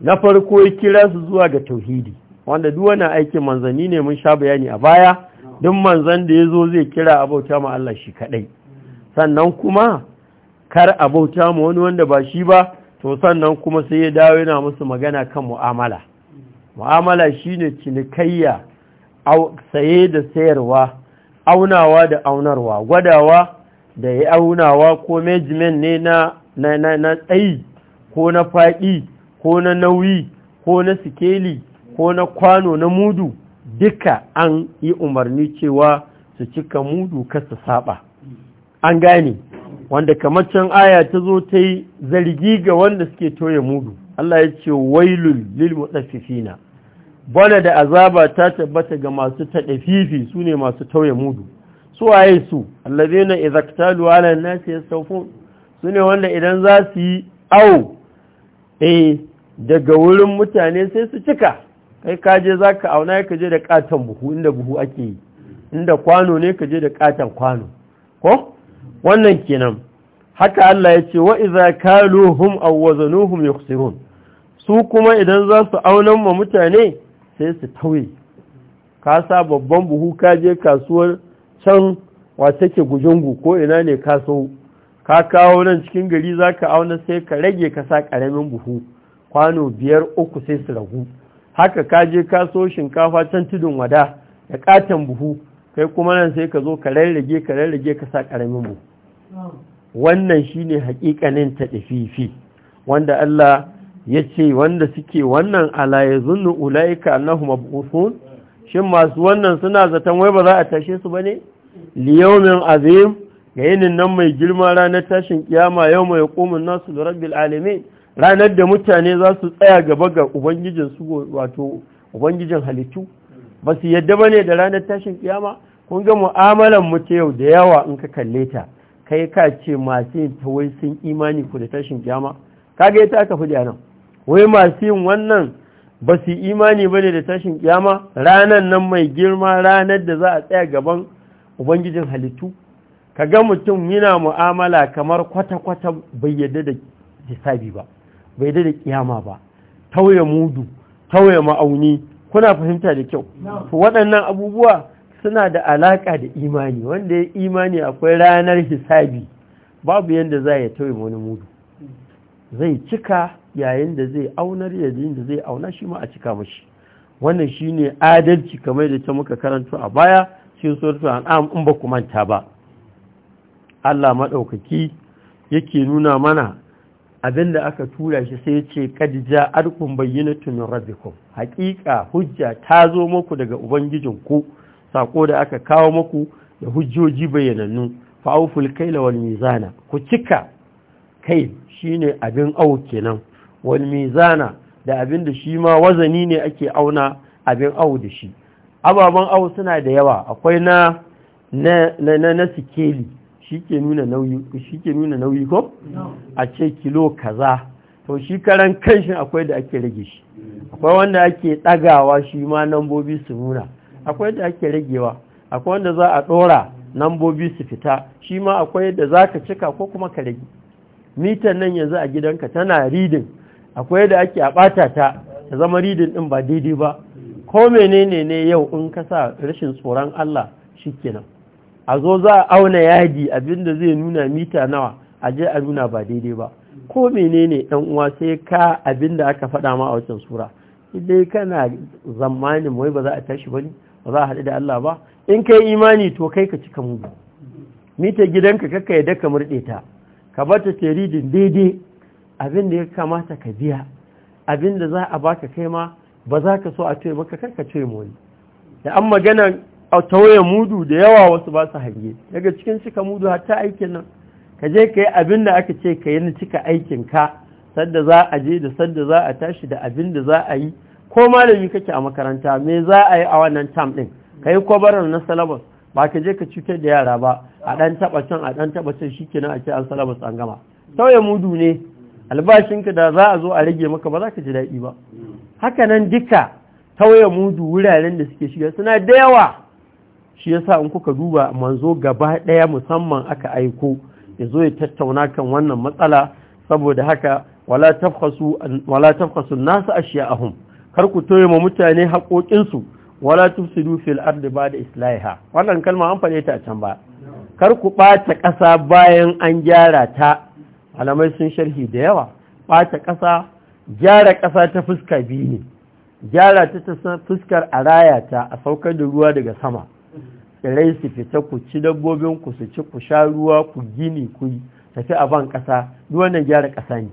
na farko ya kira su zuwa ga tauhidi wanda duk wani aikin manzanni ne mun sha bayani a baya duk manzan da ya zo zai kira abauta ma Allah shi kaɗai sannan kuma kar abauta ma wani wanda ba shi ba to sannan kuma sai ya dawo yana musu magana kan mu'amala mu'amala shine cinikayya saye da sayarwa aunawa da aunarwa gwadawa da ya aunawa ko mejimen ne na na na tsayi ko na faɗi ko na nauyi ko na sikeli ko na kwano na mudu duka an yi umarni cewa su cika mudu kasa saba an gane wanda kamar can aya ta zo ta yi zargi ga wanda suke toye mudu Allah ya ce wailul lil mutaffifina bana da azaba ta tabbata ga masu fifi su ne masu tauye mudu su waye su allazina idza qtalu ala an-nasi yastawfun su ne wanda idan za su yi awo. eh daga wurin mutane sai su cika kai kaje za ka auna ka je da katon buhu inda buhu ake yi inda kwano ne ka je da katon kwano ko wannan kenan haka Allah ya ce wa a kaluhum aw wazanuhum yukhsirun su kuma idan za su aunan ma mutane sai su tauye ka sa babban buhu kaje kasuwar can wa take gujungu ko ina ne ka sau ka kawo nan cikin gari za ka auna sai ka rage ka sa ƙaramin buhu kwano biyar uku sai su ragu haka ka je ka so shinkafa can tudun wada da katon buhu kai kuma nan sai ka zo ka rarrage ka rarrage ka sa ƙaramin buhu wannan shine hakikanin ta dafifi wanda Allah ya ce wanda suke wannan ala ya zunnu ula'ika annahum mab'uthun shin masu wannan suna zaton wai ba za a tashe su bane liyawmin azim ga yinin nan mai girma ranar tashin kiyama yau mai hukumin nasu da rabbi alamin ranar da mutane za su tsaya gaba ga ubangijin su wato ubangijin halittu ba su yadda ba ne da ranar tashin kiyama kun ga mu'amalan mutu yau da yawa in ka kalle ta kai ka ce masu yin wai sun imani ku da tashin kiyama ga ita aka fi nan wai masu yin wannan ba su imani ba ne da tashin kiyama ranar nan mai girma ranar da za a tsaya gaban ubangijin halittu ka ga mutum yana mu'amala kamar kwata-kwata bai yadda da hisabi ba bai yadda da kiyama ba tauye mudu tauye ma'auni kuna fahimta da kyau waɗannan abubuwa suna da alaƙa da imani wanda ya imani akwai ranar hisabi babu yadda za ya tauye wani mudu zai cika yayin da zai aunar yayin da zai auna shi ma a cika mashi wannan shine adalci kamar da ta muka karanto a baya cikin suratul an'am in ba ku manta ba Allah maɗaukaki yake nuna mana abin da aka tura shi sai ce kadija arkun Bayyana, tunan rabbikum haƙiƙa hujja ta zo muku daga ubangijinku sako da aka kawo muku da hujjoji bayyanannu fa auful kaila wal mizana ku cika kai shine abin awo kenan wal mizana da abin da shi ma wazani ne ake auna abin au da shi ababen awo suna da yawa akwai na na na, na sikeli shi ke nuna nauyi ko a ce kilo kaza to shi karan kanshin akwai da ake rage shi akwai wanda ake ɗagawa shi ma nambobi su nuna akwai da ake ragewa akwai wanda za a ɗora nambobi su fita shi ma akwai da za ka cika ko kuma ka rage mitan nan yanzu a gidanka tana ridin akwai da ake a ɓata ta ta zama ridin ɗin ba daidai ba ko menene ne yau in ka sa rashin tsoron Allah shi kenan a zo za a auna yadi abinda zai nuna mita nawa a je a nuna ba daidai ba ko menene dan uwa sai ka abinda aka faɗa ma a wancan sura dai kana zamanin wai ba za a tashi bane ba za a haɗu da Allah ba in kai imani to kai ka cika mu. mita gidanka kakka ya daka murɗe ta ka bata teridin daidai abinda ya kamata ka biya abinda za a baka kai ma ba za ka so a ce maka karka ce mu wani da an magana a tauye mudu da yawa wasu ba su hange daga cikin cika mudu hatta aikin nan ka je ka yi abin da aka ce ka yi na cika aikinka sadda za a je da sadda za a tashi da abin da za a yi ko malami kake a makaranta me za a yi a wannan tam ɗin ka yi kwabarar na salabas ba ka je ka cutar da yara ba a ɗan taɓa can a ɗan taɓa can shi kenan a ce an salabas an gama tauye mudu ne albashinka da za a zo a rage maka ba za ka ji daɗi ba haka nan duka tauye mudu wuraren da suke shiga suna da yawa shi yasa in kuka duba manzo gaba ɗaya musamman aka aiko ya zo ya tattauna kan wannan matsala saboda haka wala tafkasu nasu a ashiya'ahum kar ku toye ma mutane haƙoƙinsu wala tufsidu fil ardi ba da islaiha wannan kalma an fane ta a can ba kar ku ɓata ƙasa bayan an gyara ta alamai sun sharhi da yawa ɓata ƙasa gyara ƙasa ta fuska biyu ne gyara ta ta fuskar a raya ta a saukar da ruwa daga sama tsirai su fita ku ci dabbobin ku su ci ku sha ruwa ku gini ku tafi a ban ƙasa duk wannan gyara ƙasa ne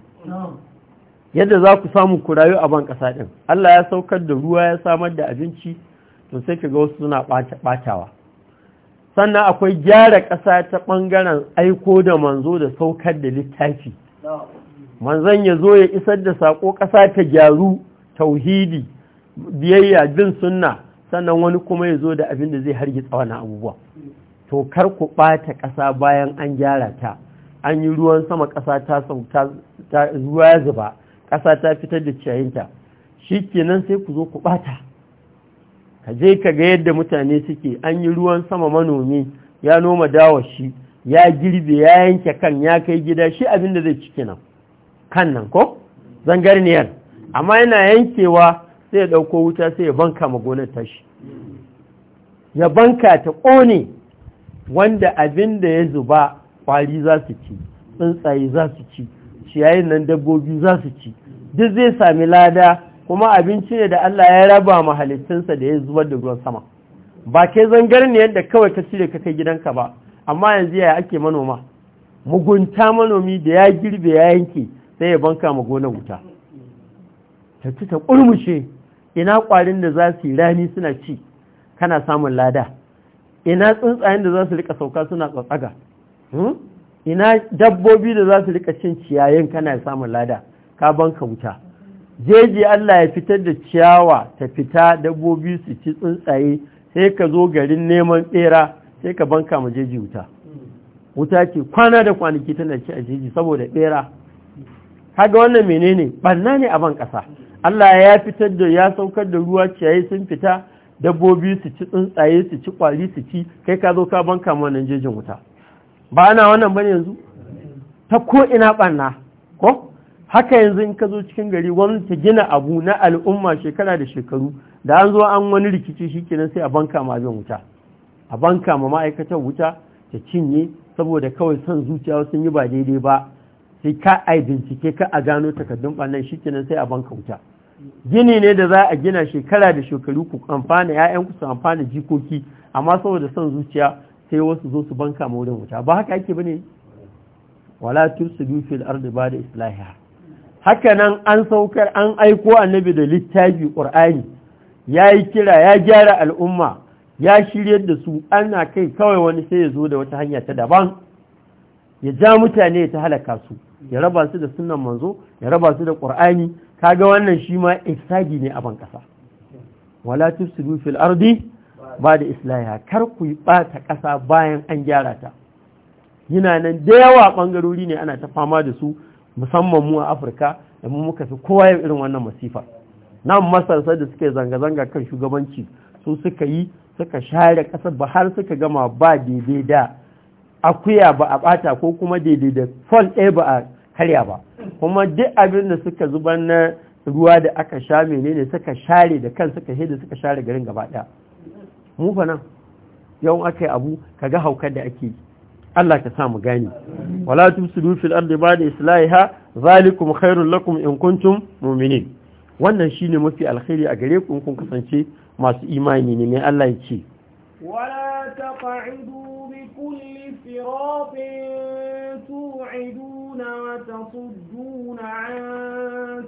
yadda za ku samu ku rayu a ban ƙasa ɗin Allah ya saukar da ruwa ya samar da abinci to sai ka wasu suna ɓatawa sannan akwai gyara ƙasa ta ɓangaren aiko da manzo da saukar da littafi manzon ya zo ya isar da saƙo ƙasa ta gyaru tauhidi biyayya bin sunna sannan wani kuma ya zo da abin da zai harge tsawana abubuwa to kar ku ɓata ƙasa bayan an gyara ta an yi ruwan sama ƙasa ta ta ya zuba ƙasa ta fitar da ciyayinta shi kenan sai ku zo ku ɓata ka je ka ga yadda mutane suke an yi ruwan sama manomi ya noma dawa shi ya girbe ya yanke kan ya kai gida shi abin da zai ciki nan kan nan ko zangarniyar amma yana yankewa sai ya ɗauko wuta sai ya banka ma gonar tashi ya banka ta ƙone wanda abin da ya zuba ƙwari za su ci tsuntsaye za su ci ciyayin nan dabbobi za su ci duk zai sami lada kuma abinci ne da Allah ya raba ma halittunsa da ya zubar da ruwan sama ba ke zangar ne yadda kawai ka cire ka kai gidanka ba amma yanzu yaya ake manoma mugunta manomi da ya girbe ya yanke sai ya banka ma gonar wuta ta ci ta ƙurmushe ina ƙwarin da za su yi rani suna ci kana samun lada ina tsuntsayen da za su rika sauka suna tsatsaga hmm? ina dabbobi da za su rika cin ciyayen kana samun lada ka banka wuta jeji Allah ya fitar da ciyawa ta fita dabbobi su ci tsuntsaye sai ka zo garin neman tsera sai ka banka ma jeji wuta wuta ce kwana da kwanaki tana ci a jeji saboda tsera kaga wannan menene banna ne a ban ƙasa Allah ya fitar da ya saukar da ruwa ciyayi sun fita dabbobi su ci tsuntsaye su ci kwari su ci kai ka zo ka banka ma nan jejin wuta ba ana wannan bane yanzu ta ko ina banna ko haka yanzu in ka zo cikin gari ta gina abu na al'umma shekara da shekaru da an zo an wani rikici shikenan sai a banka ma abin wuta a banka ma ma'aikatan wuta ta cinye saboda kawai son zuciya sun yi ba daidai ba sai ka ai bincike ka a gano takardun ɓannan shikenan sai a banka wuta gini ne da za a gina shekara da shekaru ku amfana ‘ya'yanku su amfana jikoki amma saboda son zuciya sai wasu zo su banka ma wurin wuta ba haka ake bane wala tursidu fil ardi ba da islahiha haka nan an saukar an aiko annabi da littafi qur'ani yayi kira ya gyara al'umma ya shiryar da su ana kai kawai wani sai ya zo da wata hanya ta daban ya ja mutane da ta halaka su ya raba su da sunan manzo ya raba su da ƙur'ani kaga wannan shi ma isagi ne a ban ƙasa wala tufsidu fil ardi ba da islaha kar ku yi ɓata ƙasa bayan an gyara ta yana nan da yawa bangarori ne ana ta fama da su musamman mu a afirka da mu muka fi kowa yin irin wannan masifa nan masar sai da suke zanga-zanga kan shugabanci su suka yi suka share ƙasar ba har suka gama ba daidai da akuya ba a bata ko kuma daidai da fol ɗaya ba a karya ba kuma duk abin da suka zubar na ruwa da aka sha menene suka share da kan suka shaida suka share garin gaba ɗaya mu fa nan yawan aka yi abu ka ga haukar da ake Allah ka sa gani wala tufsidu fil ardi ba'da islahiha zalikum khairul lakum in kuntum mu'minin wannan shine mafi alkhairi a gare ku in kun kasance masu imani ne ne Allah ya ce ولا تقعدوا بكل فراط توعدون وتصدون عن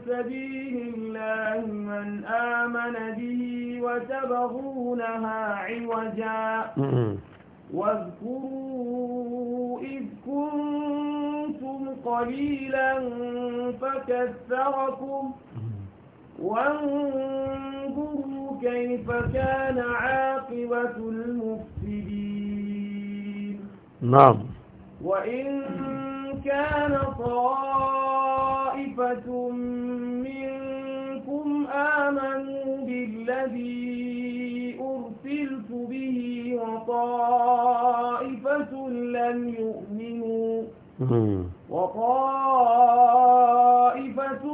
سبيل الله من آمن به وتبغونها عوجا واذكروا إذ كنتم قليلا فكثركم وانظروا كيف كان عاقبة المفسدين نعم وإن كان طائفة منكم آمنوا بالذي أرسلت به وطائفة لم يؤمنوا وطائفة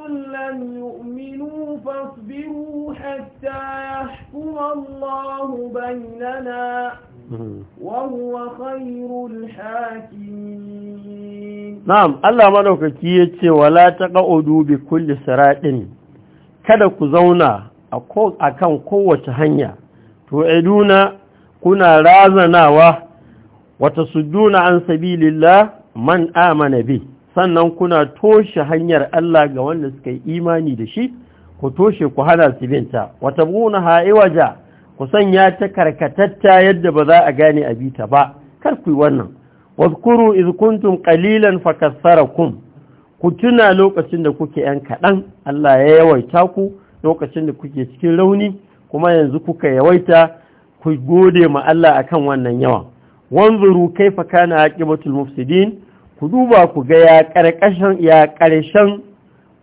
لم يؤمنوا فاصبروا حتى يحكم الله بيننا وهو خير الحاكمين نعم الله ملوكي يتي ولا تقعدوا بكل صراط kada ku zauna a kan kowace hanya to iduna kuna razanawa wata sudduna an sabilillah man amana bi sannan kuna toshe hanyar Allah ga wanda suka yi imani da shi ku toshe ku hana su binta wata buna ha'iwaja ku sanya ta karkatatta yadda ba za a gane a bita ba kar ku yi wannan wazkuru iz kuntum qalilan fakassarakum ku tuna lokacin da kuke yan kaɗan Allah ya yawaita ku lokacin da kuke cikin rauni kuma yanzu kuka yawaita ku gode ma Allah akan wannan yawan wanzuru fa kana aqibatul mufsidin ku duba ku ga ya karkashin ya karshen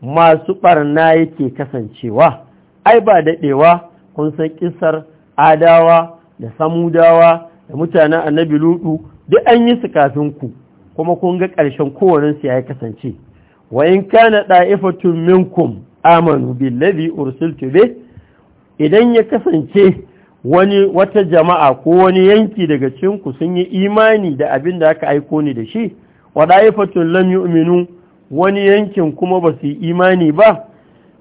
masu barna yake kasancewa ai ba dadewa kun san kissar adawa da samudawa da mutanen annabi luɗu, duk an yi su kafin ku kuma kun ga ƙarshen su ya kasance wa in kana da'ifatun minkum amanu billazi ursiltu bih idan ya kasance wani wata jama'a ko wani yanki daga cinku sun yi imani da abin da aka aiko ni da shi wada'ifatun lam yu'minu wani yankin kuma ba su yi imani ba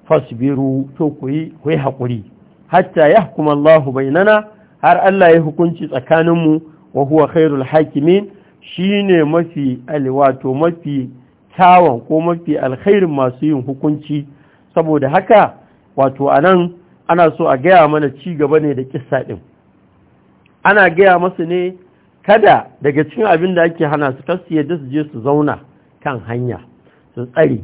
fasbiru to ku yi ku yi hakuri hatta yahkuma Allah bainana har Allah ya hukunci tsakaninmu wa huwa khairul hakimin shine mafi alwato mafi tawon ko mafi alkhairin masu yin hukunci saboda haka wato anan ana so a gaya mana ci gaba ne da kissa ɗin ana gaya masu ne kada daga cikin abin da ake hana su kasu yadda su je su zauna kan hanya su tsare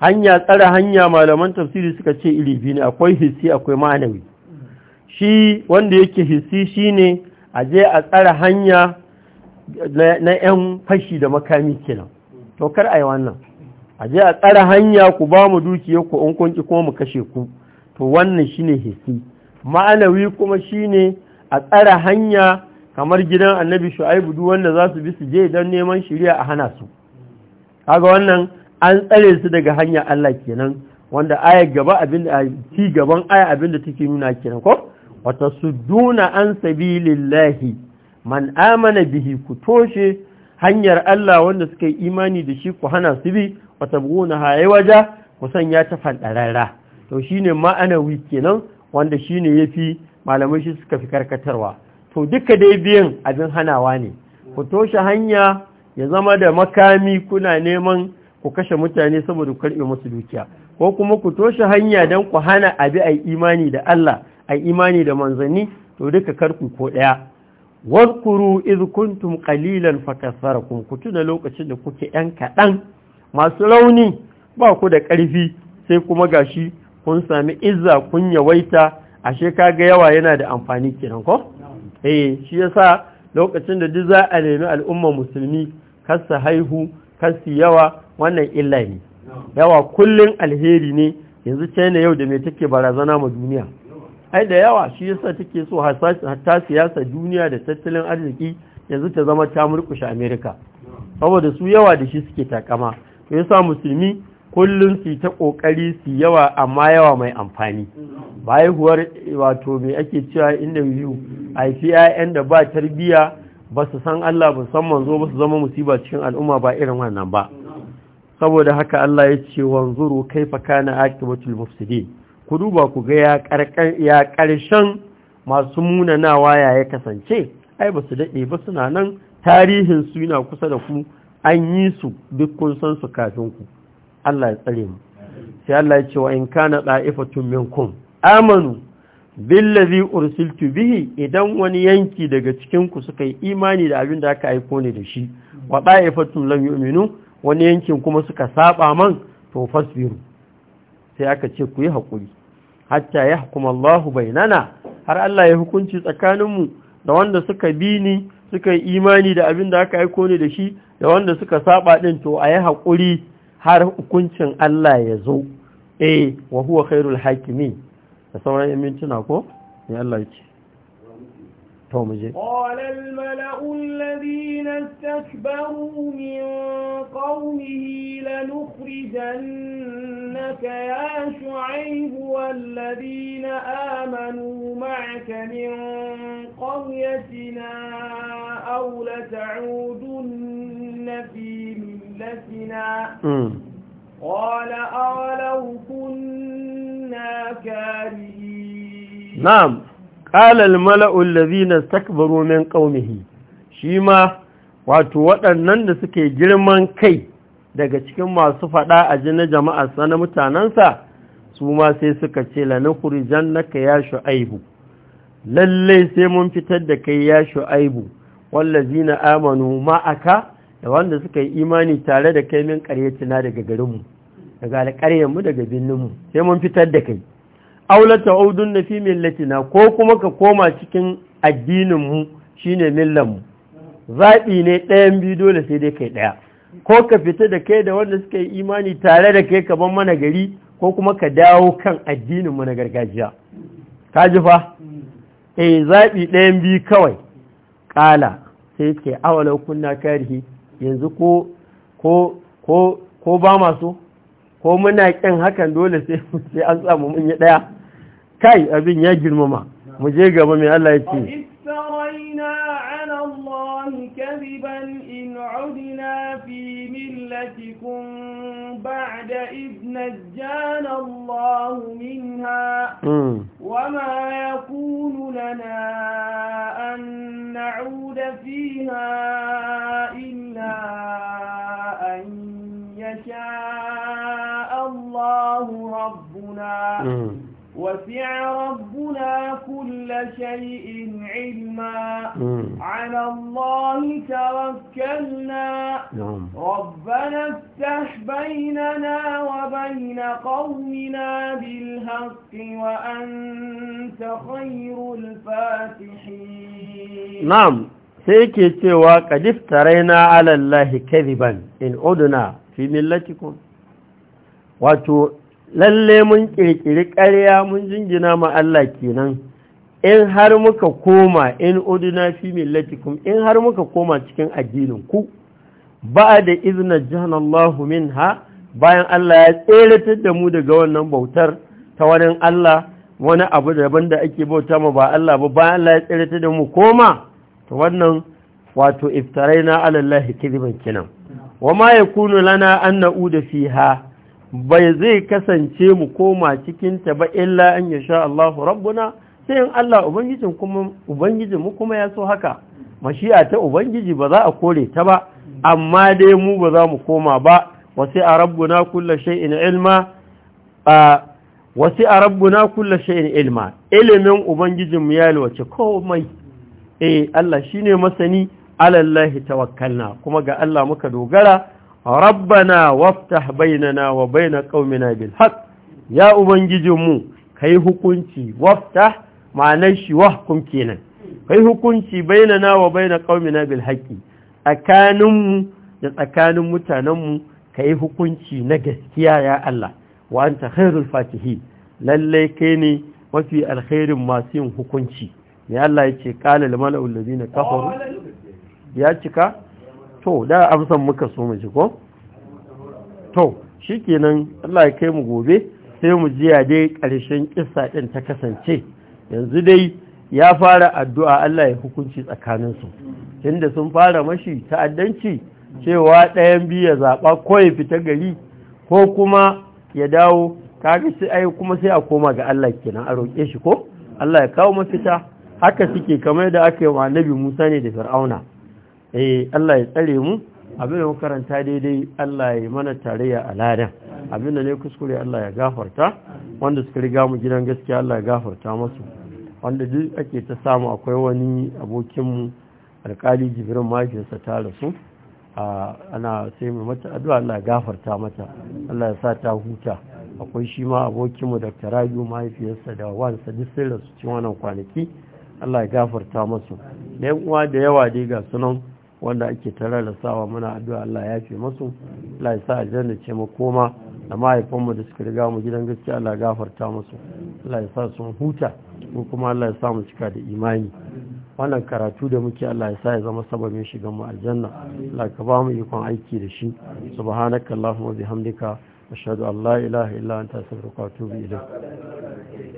hanya tsare hanya malaman tafsiri suka ce iri biyu ne akwai hissi akwai manawi shi wanda yake hissi ne a je a tsare hanya na 'yan fashi da makami kenan to kar a yi wannan a je a tsare hanya ku ba mu dukiya ku in kunki kuma mu kashe ku to wannan shine hissi ma'anawi kuma shine a tsara hanya kamar gidan annabi shu'aibu duk wanda za su bi su je don neman shirya a hana su kaga wannan an tsare su daga hanya Allah kenan wanda aya gaba abin ci gaban aya abinda take nuna kenan ko wata sudduna an sabilillahi man amana bihi ku toshe hanyar Allah wanda suka yi imani da shi ku hana su bi wata buguna haye waja ku sanya ta fadarara to shine ma'anawi kenan wanda shine fi malamai shi suka fi karkatarwa to duka dai biyan abin hanawa ne ku toshe hanya ya zama da makami kuna neman ku kashe mutane saboda karɓe musu dukiya ko kuma ku toshe hanya don ku hana abi a imani da Allah a imani da manzanni to duka karku ko ɗaya warkuru iz kuntum qalilan kun ku tuna lokacin da kuke yan kaɗan masu rauni ba ku da ƙarfi sai kuma gashi kun sami izza kun yawaita a sheka ga yawa yana da amfani kenan ko eh shi yasa lokacin da duk za a nemi al'ummar musulmi kasa haihu kasa yawa wannan illa ne yawa kullum alheri ne yanzu China yau da me take barazana ma duniya ai da yawa shi yasa take so hatta siyasa duniya da tattalin arziki yanzu ta zama ta murkushe Amerika saboda su yawa da shi suke takama to yasa musulmi kullum su ta kokari su yawa amma yawa mai amfani ba haihuwar wato mai ake cewa inda yiwu haifi 'ya'yan da ba tarbiyya ba su san Allah ba san manzo ba su zama musiba cikin al'umma ba irin wannan ba saboda haka Allah ya ce wanzuru kaifa kana aqibatul mufsidin ku duba ku ga ya karkan ya karshen masu munanawa ya ya kasance ai ba su dade ba suna nan tarihin su yana kusa da ku an yi su duk kun san su kafin ku Allah ya tsare mu sai Allah ya ce wa in kana da'ifatun minkum amanu billazi ursiltu bihi idan wani yanki daga cikin ku suka yi imani da abin da aka aiko ni da shi wa da'ifatun lam yu'minu wani yankin kuma suka saba man to fasbiru sai aka ce ku yi hakuri hatta yahkum Allahu bainana har Allah ya hukunci tsakaninmu da wanda suka bi ni suka yi imani da abin da aka aiko ne da shi da wanda suka saba din to ayi hakuri har hukuncin Allah ya zo eh wa huwa khairul hakimi da sauran yan mintuna ko ne Allah ya ce da mu je qala al mala'u alladhina istakbaru min qawmihi lanukhrijannaka ya shu'ayb walladhina amanu ma'aka min qaryatina aw lata'udunna fi مهلتنا قال أولو كنا كارهين نعم قال الملأ الذين استكبروا من قومه شيما wato waɗannan da suke girman kai daga cikin masu faɗa a ji jama'a sana mutanensa su ma sai suka ce lanukuri ka ya Aibu, lallai sai mun fitar da kai ya shu'aibu wallazina amanu ma'aka da wanda suka yi imani tare da kai min ƙaryatina daga garinmu daga mu daga binninmu sai mun fitar da kai aulata audun na fi millatina ko kuma ka koma cikin addininmu shine millanmu zaɓi ne ɗayan biyu dole sai dai kai ɗaya ko ka fita da kai da wanda suka yi imani tare da kai ka ban mana gari ko kuma ka dawo kan addininmu na gargajiya ka ji fa eh zaɓi ɗayan biyu kawai ƙala sai ke awalau kunna karihi yanzu ko ko ba masu ko muna kin hakan dole sai an samu mun yi ɗaya kai abin ya girmama mu je gaba mai Allah ya ce istaraina ala allah kadiban in udina fi millatikum ba'da idna jana allah minha hmm. wama yakunu lana an na'uda fiha وسع ربنا كل شيء علما على الله توكلنا ربنا افتح بيننا وبين قومنا بالحق وأنت خير الفاتحين نعم سيكي تيوا قد افترينا على الله كذبا إن عدنا في ملتكم وتو lalle mun ƙirƙiri ƙarya mun jingina ma Allah kenan in har muka koma in uduna fi millatikum in har muka koma cikin addinin ku ba da izna min minha bayan Allah ya tseratar da mu daga wannan bautar ta wani Allah wani abu daban da ake bauta ma ba Allah ba bayan Allah ya tseratar da mu koma to wannan wato iftaraina na Allah kinan wa ma yakunu lana an fi fiha bai zai kasance mu koma cikinta ba illa an ya sha Allahu rabbuna sai in Allah Ubangiji kuma mu kuma ya so haka mashi'a ta ubangiji ba za a kore ta ba amma dai mu ba za mu koma ba wasi a rabbuna kullu shay'in ilma wasi a rabbuna kullu shay'in ilma ilimin Ubangiji mu ya lwace komai eh Allah shine masani alallahi tawakkalna kuma ga Allah muka dogara rabbana waftah bainana wa baina qaumina bil haqq ya ubangijinmu kai hukunci waftah ma'anar shi wahkum kenan kai hukunci bainana wa baina qaumina bil haqqi tsakaninmu da tsakanin mutanen mu kai hukunci na gaskiya ya Allah wa anta khairul fatihi lalle kai ne mafi alkhairin masu yin hukunci ya Allah ya ce qala lil ladina kafaru ya cika to da amsan muka so mu ji ko to shikenan Allah ya kai mu gobe sai mu ji ya dai ƙarshen kissa din ta kasance yanzu dai ya fara addu'a Allah ya hukunci tsakanin su inda sun fara mashi ta'addanci cewa ɗayan biyu ya zaɓa ko ya fita gari ko kuma ya dawo kaga sai ai kuma sai a koma ga Allah kenan a roƙe shi ko Allah ya kawo mafita haka suke kamar da aka yi wa annabi Musa ne da Fir'auna eh Allah ya tsare mu abin da karanta daidai Allah ya mana tarayya a ladan abin da ne kuskure Allah ya gafarta wanda suka riga mu gidan gaskiya Allah ya gafarta masu wanda duk ake ta samu akwai wani abokinmu alkali jibirin mahaifinsa ta rasu ana sai mai mata addu'a Allah ya gafarta mata Allah ya sa ta huta akwai shi ma abokinmu Dr. Rabiu mahaifiyarsa da wansa duk sai rasu cikin wannan kwanaki Allah ya gafarta masu da yan uwa da yawa dai ga sunan wanda ake tare da sawa muna addu'a Allah ya fi masu Allah ya sa aljanna ce mu koma da mahaifanmu da suka riga mu gidan gaskiya Allah gafarta musu Allah ya sa sun huta mu kuma Allah ya sa mu cika da imani wannan karatu da muke Allah ya sa ya zama sababin shigan mu aljanna Allah ka ba mu ikon aiki da shi subhanaka allahumma bihamdika ashhadu an la ilaha illa anta astaghfiruka wa atubu ilayk